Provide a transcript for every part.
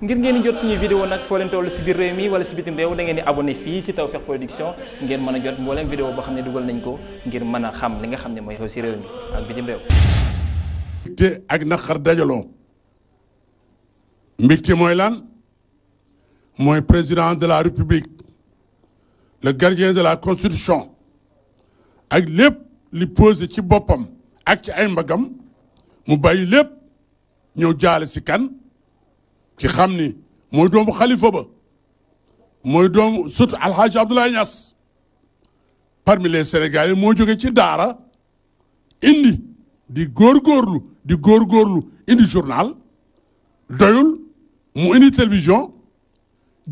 ngir ngeen di jot suñuy vidéo nag foo leen toll si biir réew mi wala si bitim réew da ngeen di abonné fii si Tawfekh Production ngeen mën a jot mbooleem vidéo boo xam ne dugal nañ ko ngir mën a xam li nga xam ne mooy xew si réew mi ak bitim réew mbégte ak naqar mooy lan mooy président de la république le gardien de la constitution ak lépp li posé ci boppam ak ci ay mbagam mu bàyyi lépp ñëw jaale si kan ki xam ni mooy doomu xalifa ba mooy doomu sut alxaaji Abdoulaye Niass parmi les sénégalais moo jóge ci daara indi di góorgóorlu di góorgóorlu indi journal doyul mu indi télévision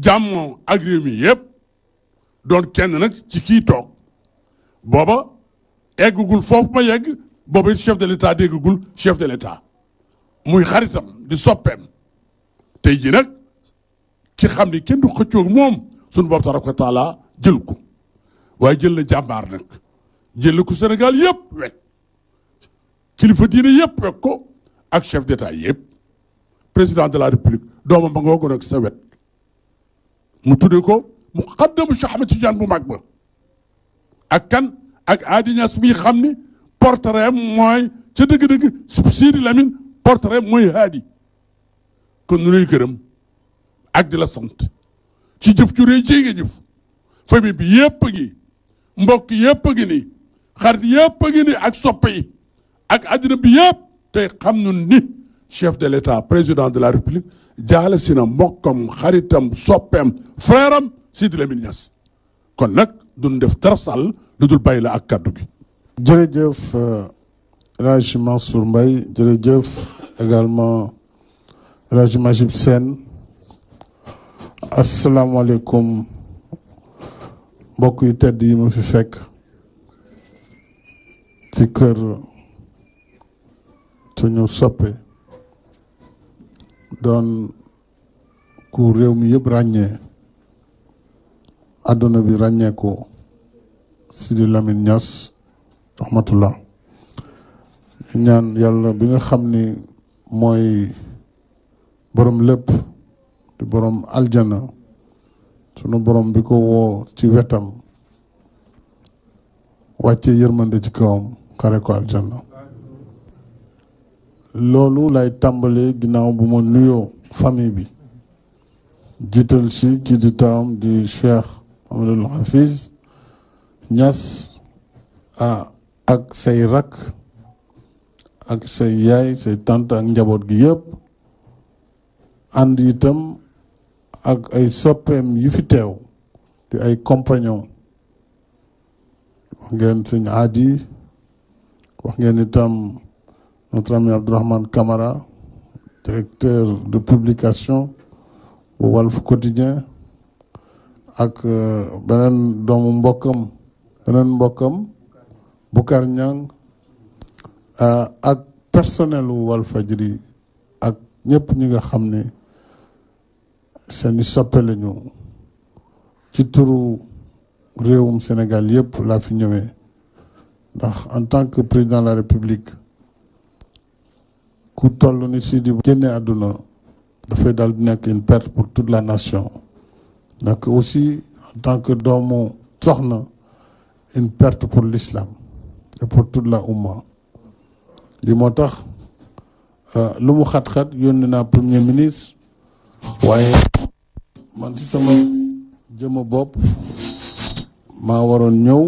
jàmmoo ak réew mi yëpp doon kenn nag ci kii toog booba eggagul foofu ma yegg booba it chef de l' état déggagul chef de l' muy xaritam di soppeem tey jii nag ki xam ne kenn du xëccoog moom suñu bopp tabaraka wa taala jël ko waaye jël na jàmbaar nag jël na ko Sénégal yëpp wekk kilifa diine yëpp wekk ko ak chef d'état yëpp président de la république doomam ba nga ko sa wet mu tuddee ko mu xaddamu Cheikh Ahmed Tidiane bu mag ba ak kan ak Adi Niass mi xam ne portrait mooy ca dëgg-dëgg Sidi Lamine portrait mooy Hadi kon nu gërëm ak di la ci jëf ju rëy ji nga jëf famille bi yëpp a ngi mbokk yëpp a ngi nii xarit yëpp a ngi ak soppe yi ak àddina bi yëpp tey xam nun ni chef de l'état président de la république jaale si na mbokkam xaritam soppeem frère am Sidi Lamine Niass kon nag duñ def dara sàll lu dul bàyyi la ak kàddu gi jërëjëf euh, El Hadj Mansour Mbaye jërëjëf également Raj Majib Sène asalaamaaleykum mbokk yu tedd yi ma fi fekk ci kër suñu soppe don ku réew mi yëpp ràññee àdduna bi ràññee ko Sidi Lamine Niass rahmatullah ñaan yàlla bi nga xam ni mooy borom lépp di borom aljana sunu borom bi ko woo ci wetam wàcce yërmande ci kawam xare ko aljana loolu lay tàmbalee ginnaaw bu ma nuyoo famille bi jiital si kii di taam di Cheikh Amadou ak say rakk ak say yaay say tànt ak njaboot gi yëpp ànd itam ak ay soppeem yi fi teew di ay compagnon wax ngeen sëñ aadi wax ngeen itam notre ami Abdourahmane Camara directeur de publication bu Walf Quotidien ak euh, beneen doomu mbokkam beneen mbokkam Boucar Niang euh, ak personnel wu Walfadjri ak ñëpp ñi nga xam ne seeni soppe lañu ci turu réewum Sénégal yëpp laa fi ñëwee ndax en tant que président de la République ku toll ni si di génne àdduna dafay daal nekk une perte pour toute la nation nekk aussi en tant que doomu soxna une perte pour l'islam et pour toute la umma lii moo tax euh, lu mu xat-xat yónni naa premier ministre waaye man ci sama jëma bopp maa waroon ñëw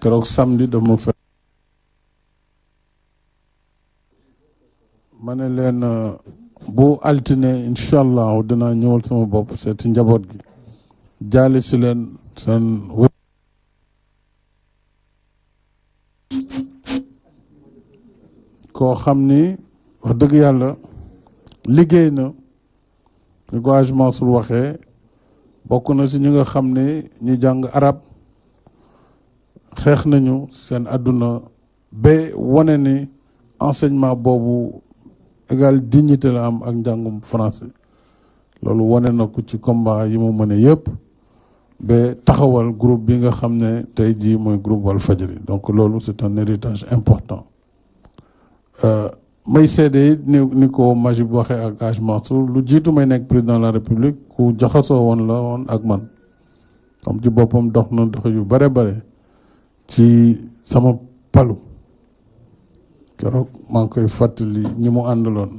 keroog samedi dama fe ma ne leen euh, bu altine incha allahu dinaa ñëwal sama bopp seeti njaboot gi jaali si leen seen wér xam ni wax dëgg yàlla liggéey na ñu ko waxee bokk na si ñi nga xam ne ñu jàng arab xeex nañu seen àdduna ba wane ni enseignement boobu égal dignité la am ak njàngum français loolu wane na ko ci combat yi mu mëne yëpp ba taxawal groupe bi nga xam ne tey jii mooy groupe Walfadjri donc loolu c'est un héritage important euh, may seede ni ni ko Majib waxee ak Hadj lu jiitu may nekk président de la république ku joxasoo woon la woon ak man am ci boppam dox na dox yu bare bare ci sama palu keroog maa ngi koy fàttali ñi mu àndaloon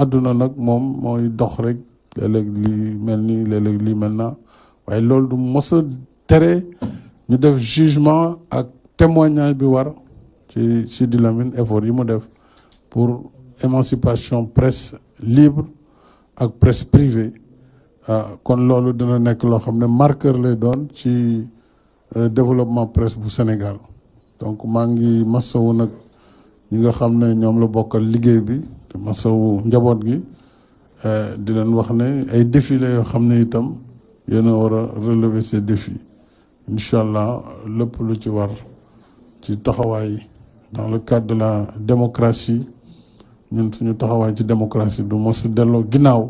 adduna nag moom mooy dox rek léeg-léeg li mel nii léeg-léeg lii mel na waaye loolu du mos tere ñu def jugement ak témoignage bi war ci Sidi Lamine effort yi mu def pour émancipation presse libre ak presse privée euh, kon loolu dina nekk loo xam ne marqueur lay doon ci euh, développement presse bu Sénégal donc maa ngi masawu nag ñi nga xam ne ñoom la bokkal liggéey bi te masawu njaboot gi euh, di leen wax ne ay défis yoo xam ne itam yéen a war a relever ces défis incha allah lépp lu ci war ci taxawaay dans le cadre de la démocratie ñun suñu taxawaay ci démocratie du mos delloo ginnaaw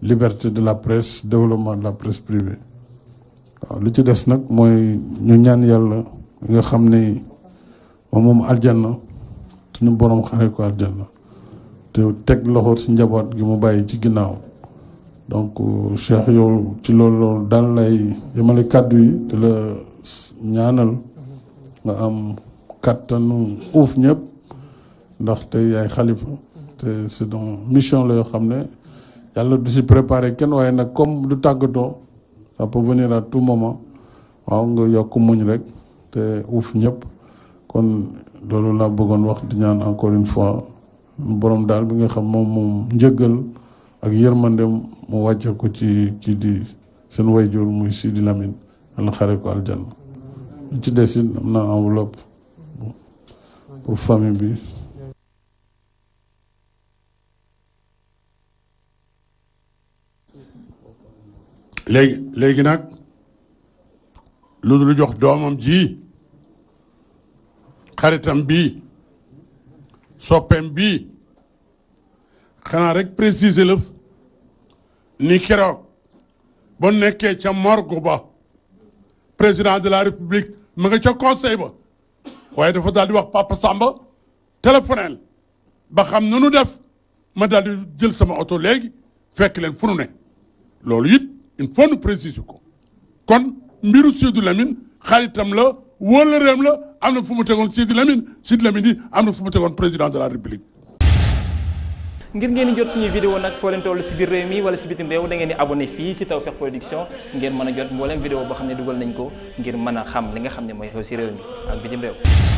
liberté de la presse développement de la presse privée waaw lu ci des nag mooy ñu ñaan yàlla nga xam ne moom aljana aljanna suñu borom xare ko aljanna te teg loxo si njaboot gi mu bàyyi ci ginnaaw donc euh, Cheikh yow ci loolu daal lay yemale kàddu yi te la ñaanal nga am kàttanu uuf ñëpp. ndax te yaay xalifa te c'est mission la yoo xam ne yàlla du si préparé kenn waaye nag comme du tàggatoo ça peut venir à tout moment waaw nga yokk muñ rek te uuf ñëpp kon loolu laa bëggoon wax di ñaan encore une fois boroom daal bi nga xam moom moom njëggal ak yërmande mu wàcce ko ci kii di seen wayjur muy Sidi Lamine yàlla xare ko aljanna lu ci des am na enveloppe pour famille bi léegi léegi nag lu dul jox doomam ji xaritam bii soppeem bii xanaa rek préciser lëf ni keroog boo nekkee ca morgue ba président de la république ma nga ca conseil ba waaye dafa dal di wax papa Samba téléphonel ba xam nu nu def ma daal di jël sama oto léegi fekk leen fu nu ne loolu it il faut nu préciser ko kon mbiru Sidi Lamine xaritam la wóolareem la am na fu mu tegoon Sidi Lamine Sidi Lamine yi am na fu mu tegoon président de la république. ngir ngeen di jot suñuy vidéo nag foo leen toll si biir réew mi wala si bitim réew da ngeen di abonné fii si Tawfekh Production ngeen mën a jot mbooleem vidéo boo xam ne dugal nañ ko ngir mën a xam li nga xam ne mooy xew si réew mi ak bitim réew.